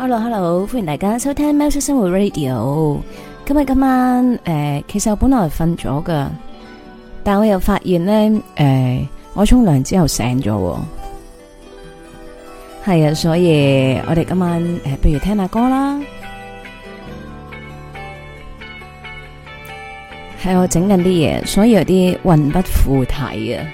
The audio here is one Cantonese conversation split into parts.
Hello，Hello，hello，歡迎大家收聽喵式生活 Radio。今日今晚誒、呃，其實我本來瞓咗㗎，但我又發現咧，誒、呃，我沖涼之後醒咗。係啊，所以我哋今晚誒，不、呃、如聽下歌啦。係我整緊啲嘢，所以有啲魂不附體啊。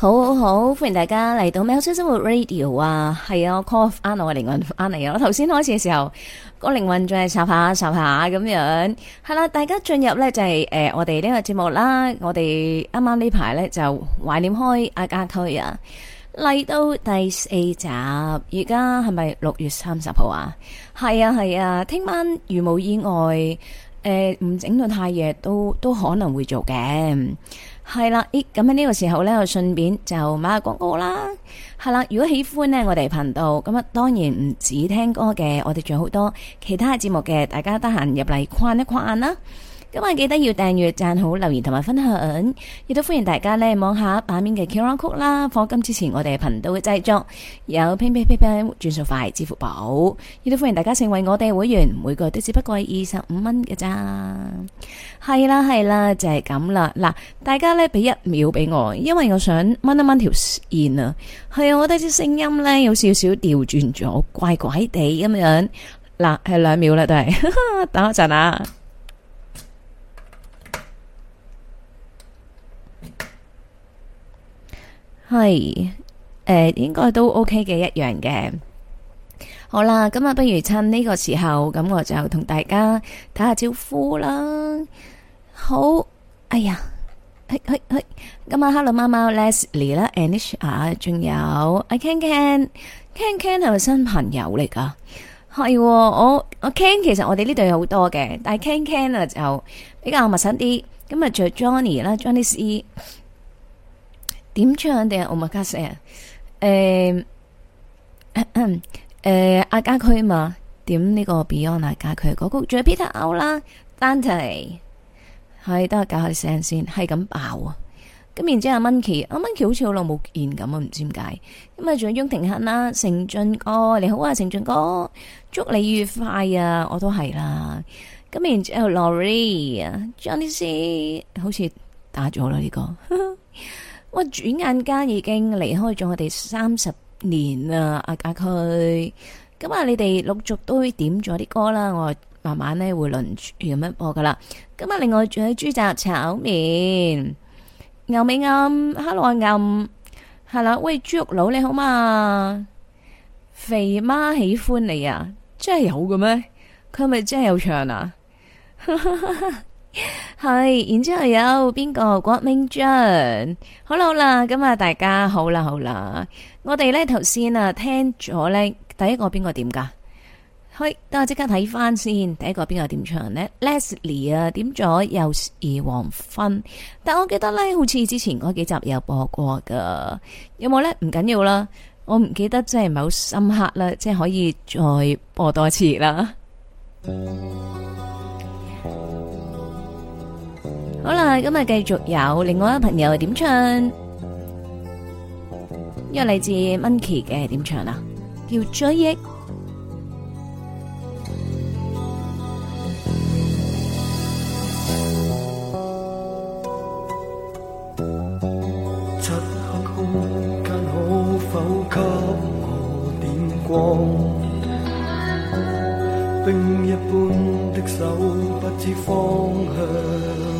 好好好，歡迎大家嚟到喵式生活 Radio 啊！係啊，Call 我阿我嘅靈魂翻嚟啊！頭先開始嘅時候，個靈魂仲係插下插下咁樣，係啦、啊，大家進入呢就係、是、誒、呃，我哋呢個節目啦，我哋啱啱呢排呢就懷念開阿家駒啊，嚟到第四集，而家係咪六月三十號啊？係啊係啊，聽、啊、晚如無意外，誒唔整到太夜，都都可能會做嘅。係啦，咦咁，喺呢個時候呢，我順便就買下廣告啦。係啦，如果喜歡呢，我哋頻道咁啊，當然唔止聽歌嘅，我哋仲有好多其他節目嘅，大家得閒入嚟逛一逛啦。今啊！記得要訂閱、讚好、留言同埋分享，亦都歡迎大家呢望下版面嘅曲曲啦。放金之前，我哋頻道嘅製作有 p 拼拼拼轉數快支付寶，亦都歡迎大家成為我哋會員，每個月都只不過二十五蚊嘅咋。係啦，係啦，就係咁啦。嗱，大家呢俾一秒俾我，因為我想掹一掹條線啊。係，我覺得啲聲音呢有少少調轉咗怪怪地咁樣。嗱，係兩秒啦，都係等我一陣啊。係，誒、呃，應該都 OK 嘅，一樣嘅。好啦，咁啊，不如趁呢個時候，咁我就同大家打下招呼啦。好，哎呀，嘿嘿嘿咁啊 Hello 貓貓，Leslie 啦，Anisha 仲有阿 Ken Ken，Ken Ken 係咪新朋友嚟噶？係、啊，我我 Ken 其實我哋呢度有好多嘅，但係 Ken Ken 啊就比較陌生啲。咁啊，仲 Johnny 啦，Johnny C。點唱定係 Omakase 啊？誒誒，阿家駒嘛？點呢個 Beyond 阿、啊、家駒嘅歌曲？仲有 Peter Au 啦，Danty。係，等我搞下啲聲先，係咁爆 Monkey, 啊 Monkey！咁然之後阿 Monkey 阿 Monkey 好似好耐冇見咁啊，唔知點解。咁啊仲有翁廷亨啦，成俊哥，你好啊，成俊哥，祝你愉快啊！我都係啦。咁然之後 Laurie、啊 Johnny C 好似打咗啦呢個。 喂，轉眼間已經離開咗我哋三十年啦，阿家駒。咁啊，啊們你哋陸續都會點咗啲歌啦，我慢慢咧會輪住咁樣播噶啦。咁啊，另外仲有豬雜炒麵、牛尾暗、哈囉暗，係啦。喂，豬肉佬你好嘛？肥媽喜歡你啊，真係有嘅咩？佢係咪真係有唱啊？ 係，然之後有邊個郭明俊，好啦好啦，咁啊大家好啦好啦，我哋呢頭先啊聽咗呢第一個邊個點噶？係，等我即刻睇翻先，第一個邊個點唱呢 l e s l i e 啊，Leslie, 點咗又而黃昏，但我記得呢，好似之前嗰幾集有播過噶，有冇呢？唔緊要啦，我唔記得真係唔係好深刻啦，即係可以再播多次啦。嗯好啦，今日繼續有另外一位朋友係點唱？呢個嚟自 Monkie 嘅點唱啦，叫追憶。漆黑空間可否給我點光？冰一般的手不知方向。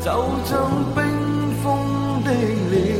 就像冰封的臉。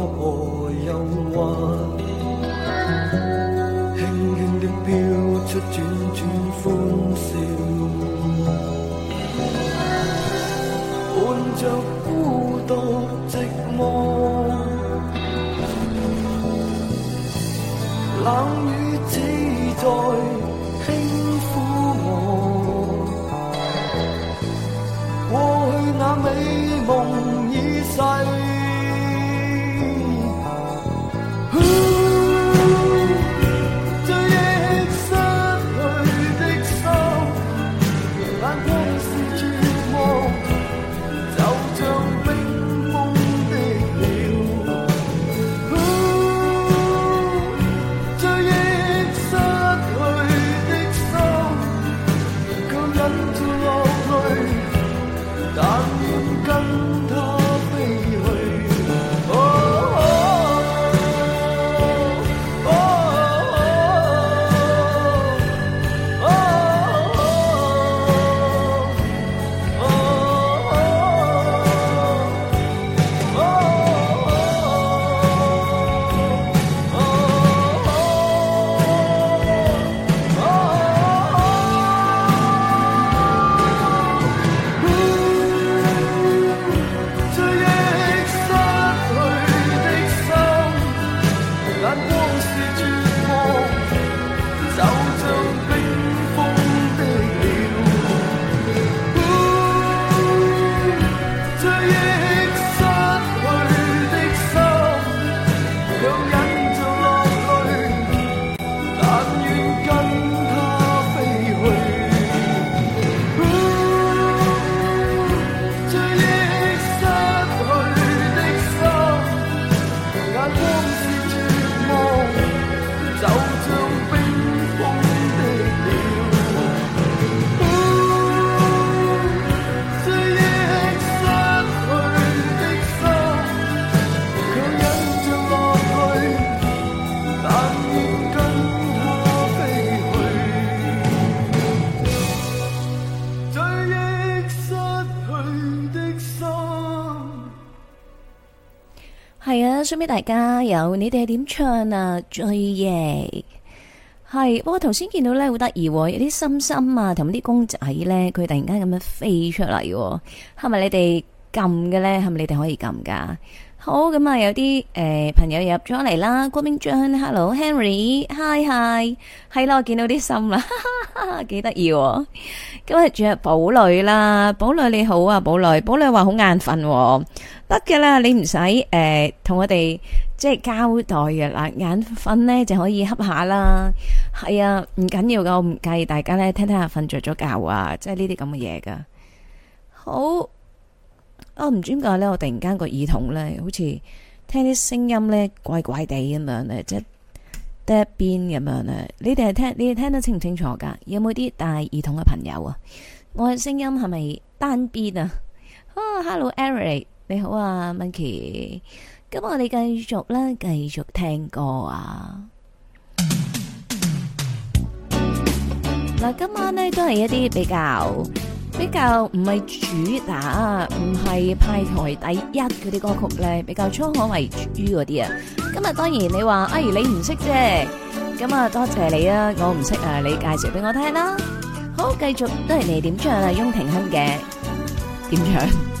出俾大家，有你哋係點唱啊？最型係，我頭先見到咧好得意，有啲心心啊，同啲公仔咧，佢突然間咁樣飛出嚟、啊，係咪你哋撳嘅咧？係咪你哋可以撳噶？好咁啊，有啲誒、呃、朋友入咗嚟啦，郭冰章，Hello Henry，Hi Hi，係啦，見到啲心啦、啊，幾得意。今日轉入寶女啦，寶女你好啊，寶女，寶女話好眼瞓。得嘅啦，你唔使誒同我哋即係交代嘅啦，眼瞓咧就可以恰下啦。係啊，唔緊要噶，我唔介意大家咧聽聽下瞓着咗覺啊，即係呢啲咁嘅嘢噶。好，我、啊、唔知點解咧，我突然間個耳筒咧，好似聽啲聲音咧怪怪地咁樣咧，即係單邊咁樣咧。你哋係聽你哋聽得清唔清楚噶？有冇啲戴耳筒嘅朋友啊？我嘅聲音係咪單邊啊？啊，Hello Eric。你好啊，Micky，咁我哋繼續咧，繼續聽歌啊。嗱，今晚咧都係一啲比較比較唔係主打，唔係派台第一嗰啲歌曲咧，比較滄海遺珠嗰啲啊。今日當然你話哎，你唔識啫，咁啊多謝你啊，我唔識啊，你介紹俾我聽啦。好，繼續都係你點唱啊，翁庭亨嘅點唱。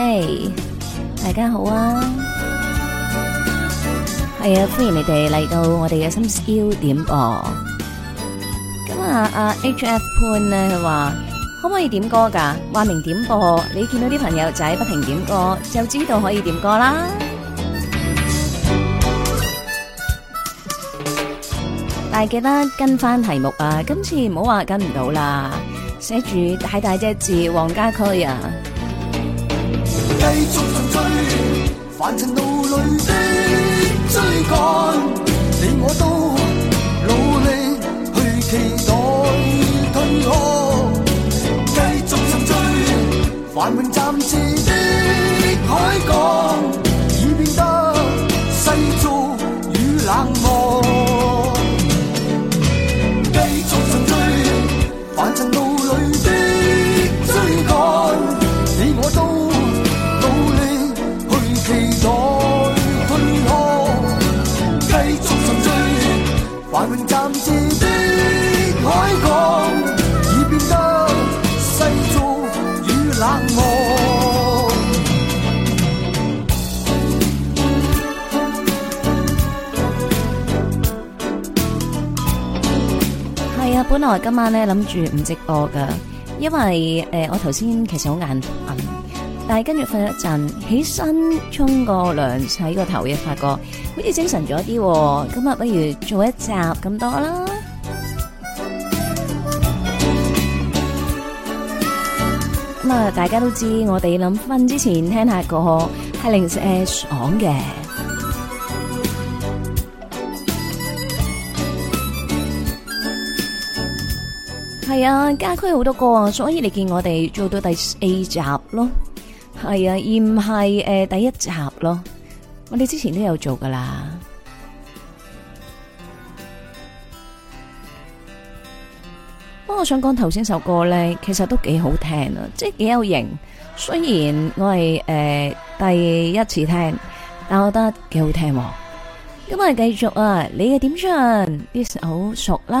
誒、hey，大家好啊，係啊，歡迎你哋嚟到我哋嘅新 Skill 點播。咁啊阿、啊、H F 潘咧佢話可唔可以點歌噶？話明點播，你見到啲朋友仔不停點歌，就知道可以點歌啦。但係 記得跟翻題目啊，今次唔好話跟唔到啦，寫住大大隻字黃家駒啊！繼續沉醉，凡塵路裏的追趕，你我都努力去期待退開。繼續沉醉，繁華暫時的海港已變得世俗與冷漠。本來今晚咧諗住唔直播噶，因為誒、呃、我頭先其實好眼瞓，但係跟住瞓一陣，起身沖個涼，洗個頭嘅，發覺好似精神咗啲。今日不如做一集咁多啦。咁啊， 大家都知我哋諗瞓之前聽下個係零 H 爽嘅。係啊，家駒好多歌啊，所以你見我哋做到第四集咯，係啊，而唔係誒第一集咯。我哋之前都有做噶啦。不過我想講頭先首歌咧，其實都幾好聽啊，即係幾有型。雖然我係誒、呃、第一次聽，但我覺得幾好聽啊。咁我哋繼續啊，你嘅點唱啲首好熟啦。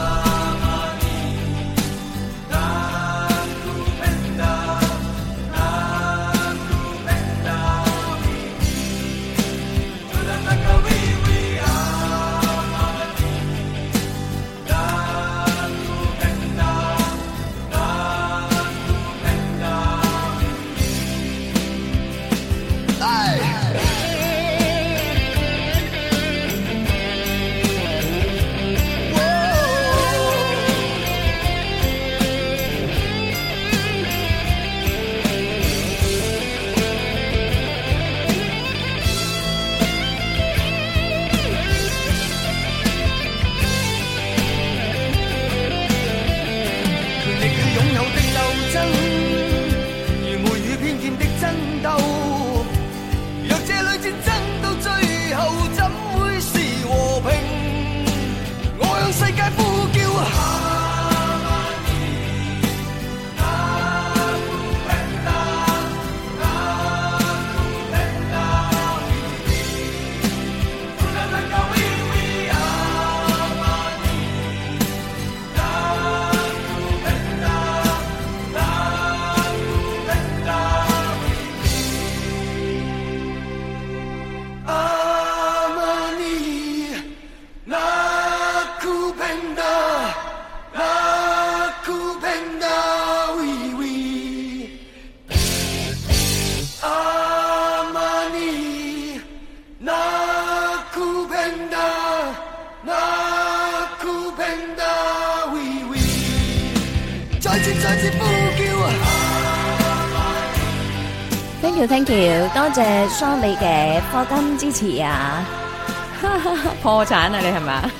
Thank you，多謝雙弟嘅破金支持啊！ 破產啊你係咪？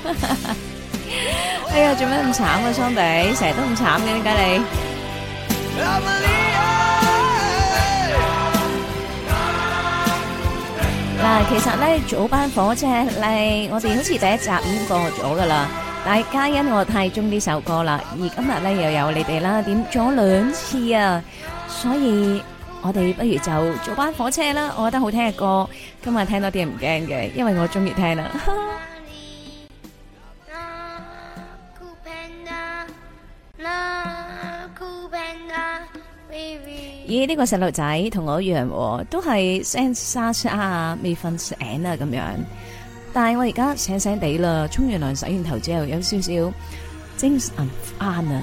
是 哎呀，做咩咁慘啊？雙弟成日都咁慘嘅，點解你？嗱， 其實咧早班火車嚟，我哋好似第一集已經過咗噶啦。但係皆因我太中呢首歌啦，而今日咧又有你哋啦，點咗兩次啊，所以。我哋不如就做班火車啦！我覺得好聽嘅歌，今日聽多啲唔驚嘅，因為我中意聽啦。咦？呢個細路仔同我一樣，都係聲沙沙啊，未瞓醒啊咁樣。但係我而家醒醒地啦，沖完涼洗完頭之後，有少少精神翻啊！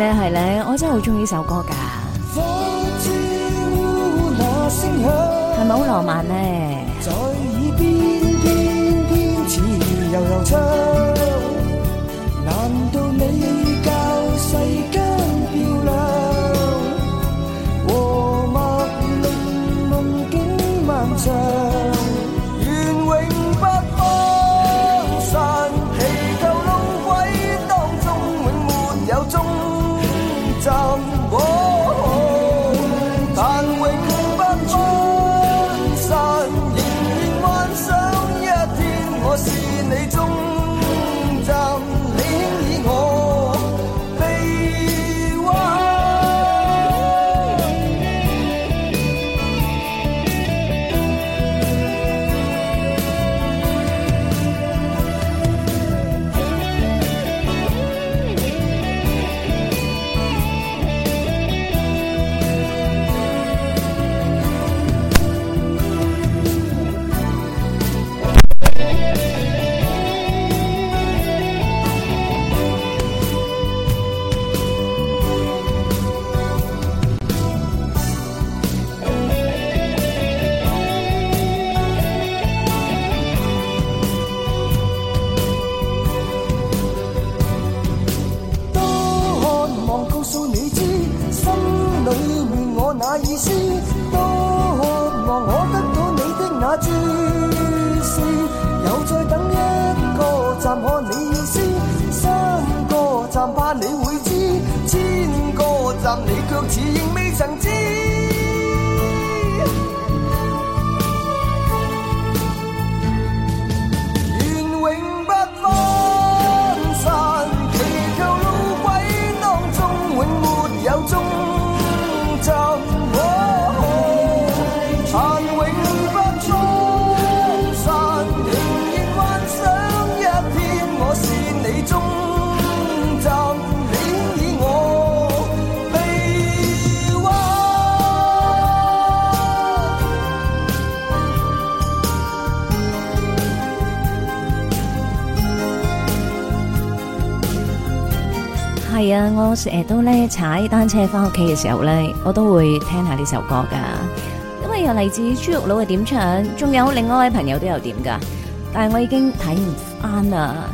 咧係咧，我真係好鍾意呢首歌㗎，係咪好浪漫呢？我成日都咧踩單車翻屋企嘅時候咧，我都會聽下呢首歌噶，因為又嚟自豬肉佬嘅點唱，仲有另外一位朋友都有點噶，但係我已經睇唔翻啦。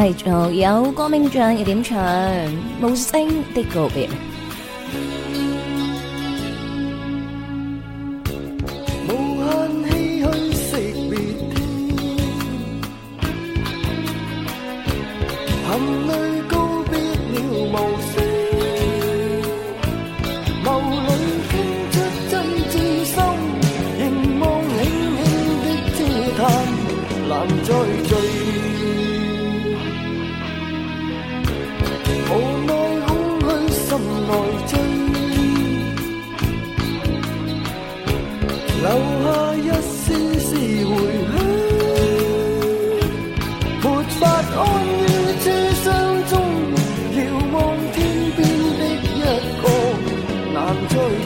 係就有歌名叫《要點唱》，無聲的告別。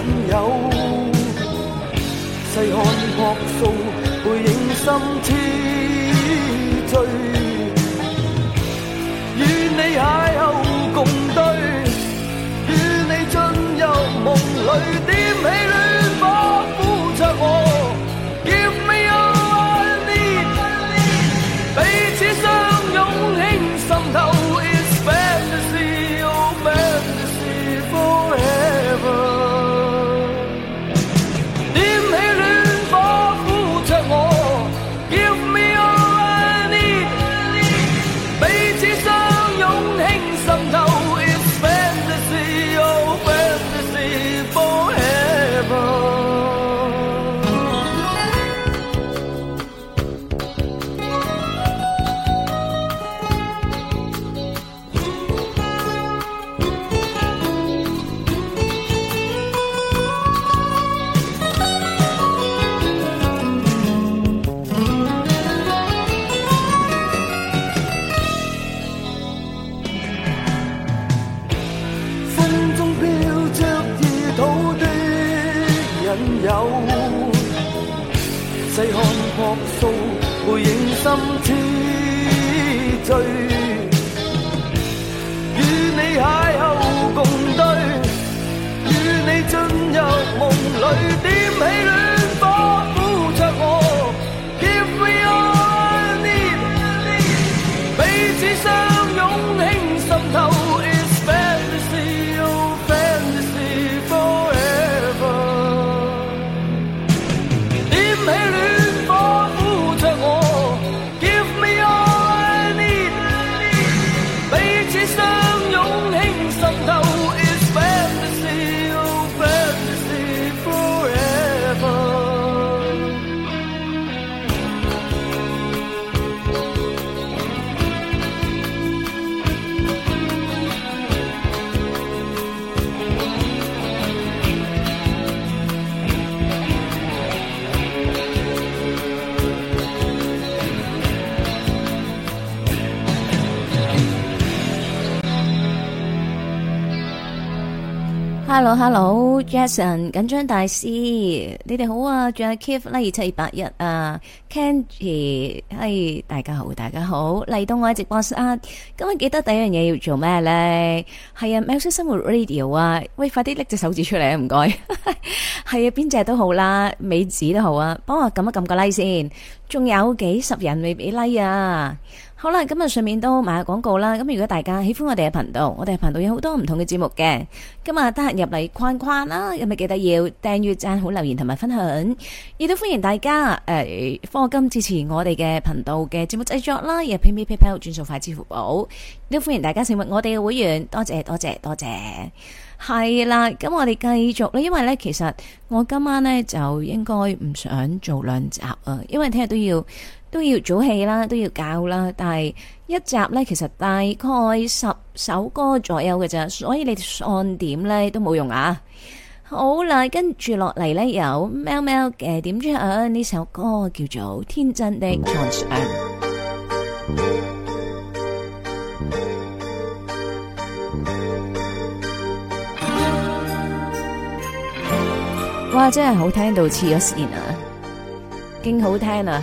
朋友細看樸素背影，心痴醉，與你邂逅共對，與你進入夢裏，點起。影心之最，與你邂逅共對，與你進入夢裏，點起。Hello，Hello，Jason，緊張大師你哋好啊，仲有 Kev 拉二七二八一啊 Candy 係大家好，大家好嚟到我直播室啊，今日記得第一樣嘢要做咩咧？係啊，喵式生活 Radio 啊，喂，快啲拎隻手指出嚟唔該，係 啊，邊隻都好啦，尾指都好啊，幫我撳一撳個 like 先，仲有幾十人未俾 like 啊？好啦，今日上面都買下廣告啦。咁如果大家喜歡我哋嘅頻道，我哋嘅頻道有好多唔同嘅節目嘅。今日得閒入嚟框框啦，有咪記得要訂閱、讚好、留言同埋分享。亦都歡迎大家誒，科、欸、金支持我哋嘅頻道嘅節目製作啦，又 PayPay PayPal 轉數快、支付寶。亦都歡迎大家成為我哋嘅會員，多謝多謝多謝。係啦，咁我哋繼續咧，因為咧其實我今晚咧就應該唔想做兩集啊，因為聽日都要。都要早起啦，都要教啦，但係一集咧，其實大概十首歌左右嘅啫，所以你按點咧都冇用啊。好啦，跟住落嚟咧，有喵喵嘅點唱，呢首歌叫做《天真的創傷》。哇，真係好聽到痴咗線啊，勁好聽啊！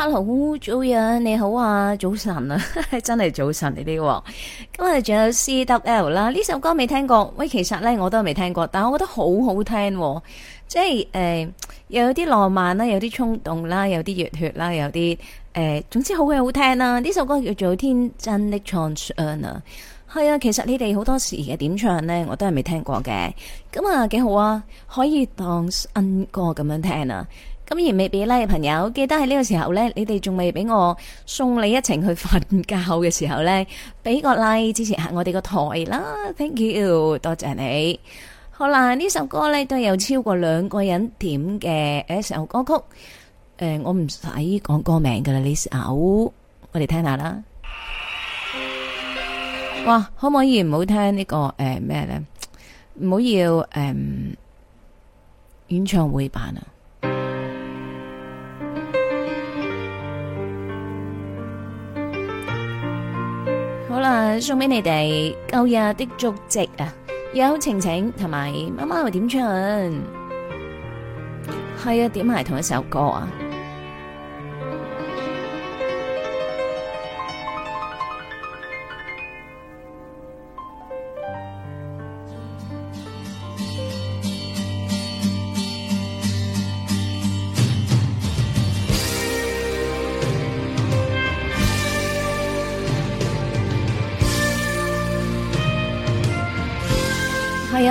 hello 早呀，你好啊，早晨啊， 真係早晨你、啊、啲，今日仲有 C W L 啦，呢首歌未聽過，喂，其實呢，我都未聽過，但係我覺得好好聽、啊，即係誒、呃，又有啲浪漫啦，有啲衝動啦，有啲熱血啦，有啲誒、呃，總之好嘅好聽啦、啊，呢首歌叫做《天真的創傷》啊，係啊，其實你哋好多時嘅點唱呢，我都係未聽過嘅，咁啊幾好啊，可以當新歌咁樣聽啊。咁而未俾 like 呢，朋友記得喺呢個時候呢，你哋仲未俾我送你一程去瞓覺嘅時候呢，俾個 e、like、支持下我哋個台啦，thank you，多謝你。好啦，呢首歌呢都有超過兩個人點嘅一首歌曲，誒、呃、我唔使講歌名噶啦，呢首我哋聽下啦。哇，可唔可以唔好聽呢、這個誒咩、呃、呢？唔好要誒演、呃、唱會版啊！送俾你哋舊日的足跡啊！有晴晴同埋媽媽會點唱？係啊，點係同一首歌啊！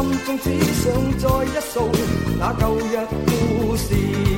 心中只想再一訴那舊日故事。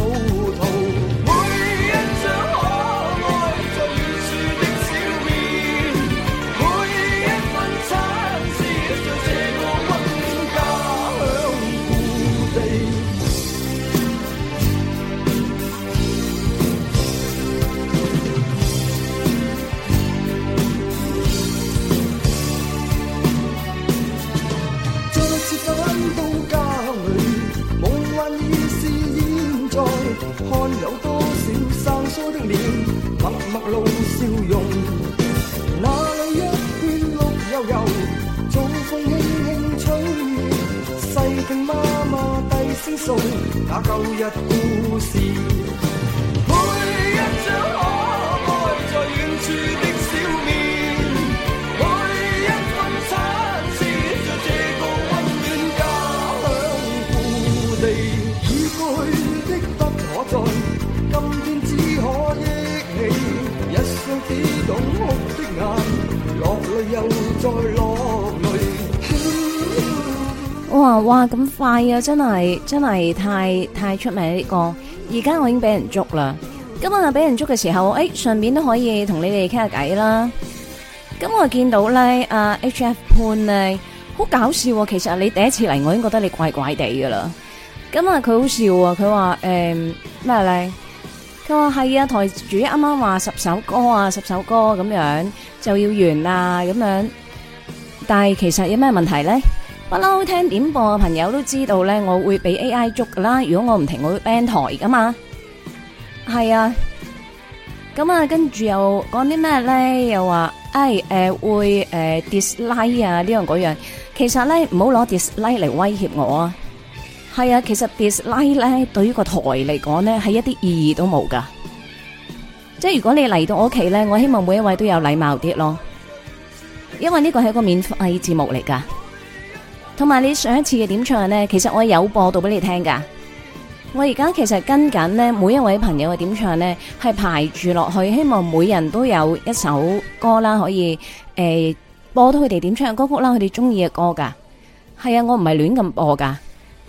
默默露笑容，那裏一片綠油油。早風輕輕吹，細聽媽媽低聲訴那舊日故事。每一張可愛在遠處。的。我話，哇咁快啊！真係真係太太出名呢個。而家我已經俾人捉啦。今日啊，俾人捉嘅時候，誒，順便都可以同你哋傾下偈啦。咁我見到咧，阿 H F 潘咧好搞笑。其實你第一次嚟，我已經覺得你怪怪地噶啦。咁啊，佢好笑啊。佢話誒咩咧？佢話係啊，台主啱啱話十首歌啊，十首歌咁樣就要完啦，咁樣。但係其實有咩問題咧？不嬲聽點播嘅朋友都知道咧，我會俾 AI 捉噶啦。如果我唔停，我會 ban 台噶嘛。係啊，咁啊，跟住又講啲咩咧？又話誒誒會誒、呃、dislike 啊呢樣嗰樣。其實咧唔好攞 dislike 嚟威脅我啊。係啊，其實 dislike 咧對於個台嚟講咧係一啲意義都冇噶。即係如果你嚟到我屋企咧，我希望每一位都有禮貌啲咯。因為呢個係個免費節目嚟噶，同埋你上一次嘅點唱呢，其實我有播到俾你聽噶。我而家其實跟緊呢，每一位朋友嘅點唱呢，係排住落去，希望每人都有一首歌啦，可以誒、呃、播到佢哋點唱嘅歌曲啦，佢哋中意嘅歌噶。係啊，我唔係亂咁播噶。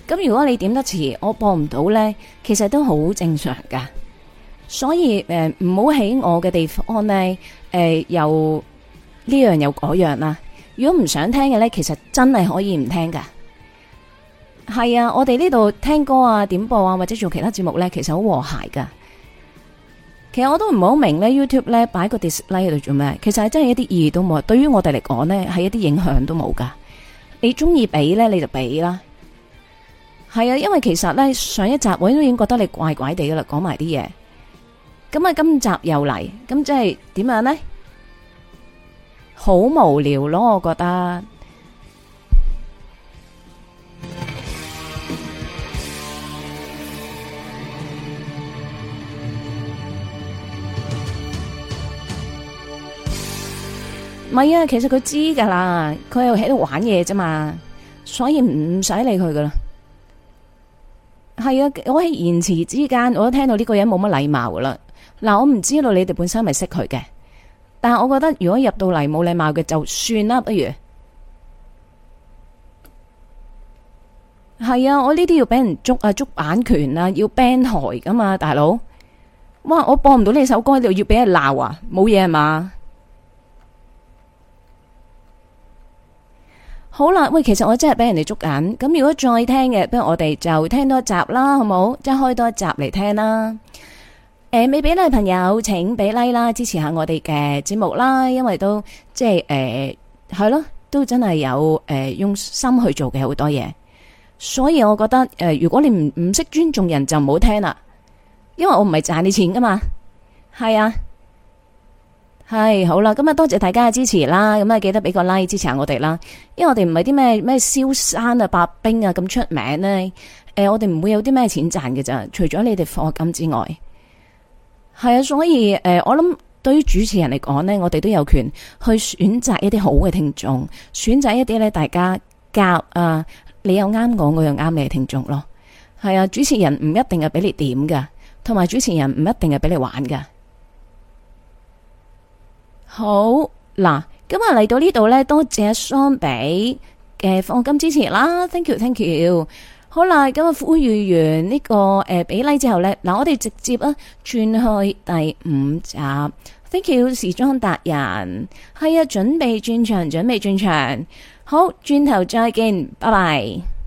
咁如果你點得遲，我播唔到呢，其實都好正常噶。所以誒，唔好喺我嘅地方呢，誒、呃、又。有呢樣又嗰樣啦，如果唔想聽嘅呢，其實真係可以唔聽噶。係啊，我哋呢度聽歌啊、點播啊，或者做其他節目呢，其實好和諧噶。其實我都唔好明呢 YouTube 呢擺個 dislike 喺度做咩？其實係真係一啲意義都冇，對於我哋嚟講呢，係一啲影響都冇噶。你中意俾呢，你就俾啦。係啊，因為其實呢，上一集我都已經覺得你怪怪地噶啦，講埋啲嘢。咁啊，今集又嚟，咁即係點樣呢？好無聊咯，我覺得。咪 啊，其實佢知噶啦，佢又喺度玩嘢啫嘛，所以唔使理佢噶啦。係啊，我喺言辭之間，我都聽到呢個人冇乜禮貌噶啦。嗱，我唔知道你哋本身係咪識佢嘅。但係我覺得如果入到嚟冇禮貌嘅就算啦，不如係啊！我呢啲要俾人捉啊捉版權啊，要 ban 台噶嘛，大佬！哇！我播唔到呢首歌，你要俾人鬧啊？冇嘢係嘛？好啦，喂，其實我真係俾人哋捉緊，咁如果再聽嘅，不如我哋就聽多一集啦，好冇？即係開多一集嚟聽啦。誒、呃，未俾咧，朋友，請俾 like 啦，支持下我哋嘅節目啦。因為都即係誒，係、呃、咯，都真係有誒、呃、用心去做嘅好多嘢。所以我覺得誒、呃，如果你唔唔識尊重人就唔好聽啦。因為我唔係賺你錢噶嘛，係啊，係好啦。咁啊，多謝大家嘅支持啦。咁啊，記得俾個 like 支持下我哋啦。因為我哋唔係啲咩咩燒山啊、白冰啊咁出名呢。誒、呃，我哋唔會有啲咩錢賺嘅咋，除咗你哋課金之外。係啊，所以誒、呃，我諗對於主持人嚟講呢，我哋都有權去選擇一啲好嘅聽眾，選擇一啲咧大家夾啊、呃，你又啱我，我又啱你嘅聽眾咯。係啊，主持人唔一定係俾你點噶，同埋主持人唔一定係俾你玩噶。好嗱，今日嚟到呢度呢，多謝 Son 比嘅、呃、放金支持啦，thank you，thank you thank you. 好啦，咁啊，呼籲完呢個誒俾 like 之後咧，嗱，我哋直接啊轉去第五集 Thank you 時裝達人，係啊，準備轉場，準備轉場，好，轉頭再見，拜拜。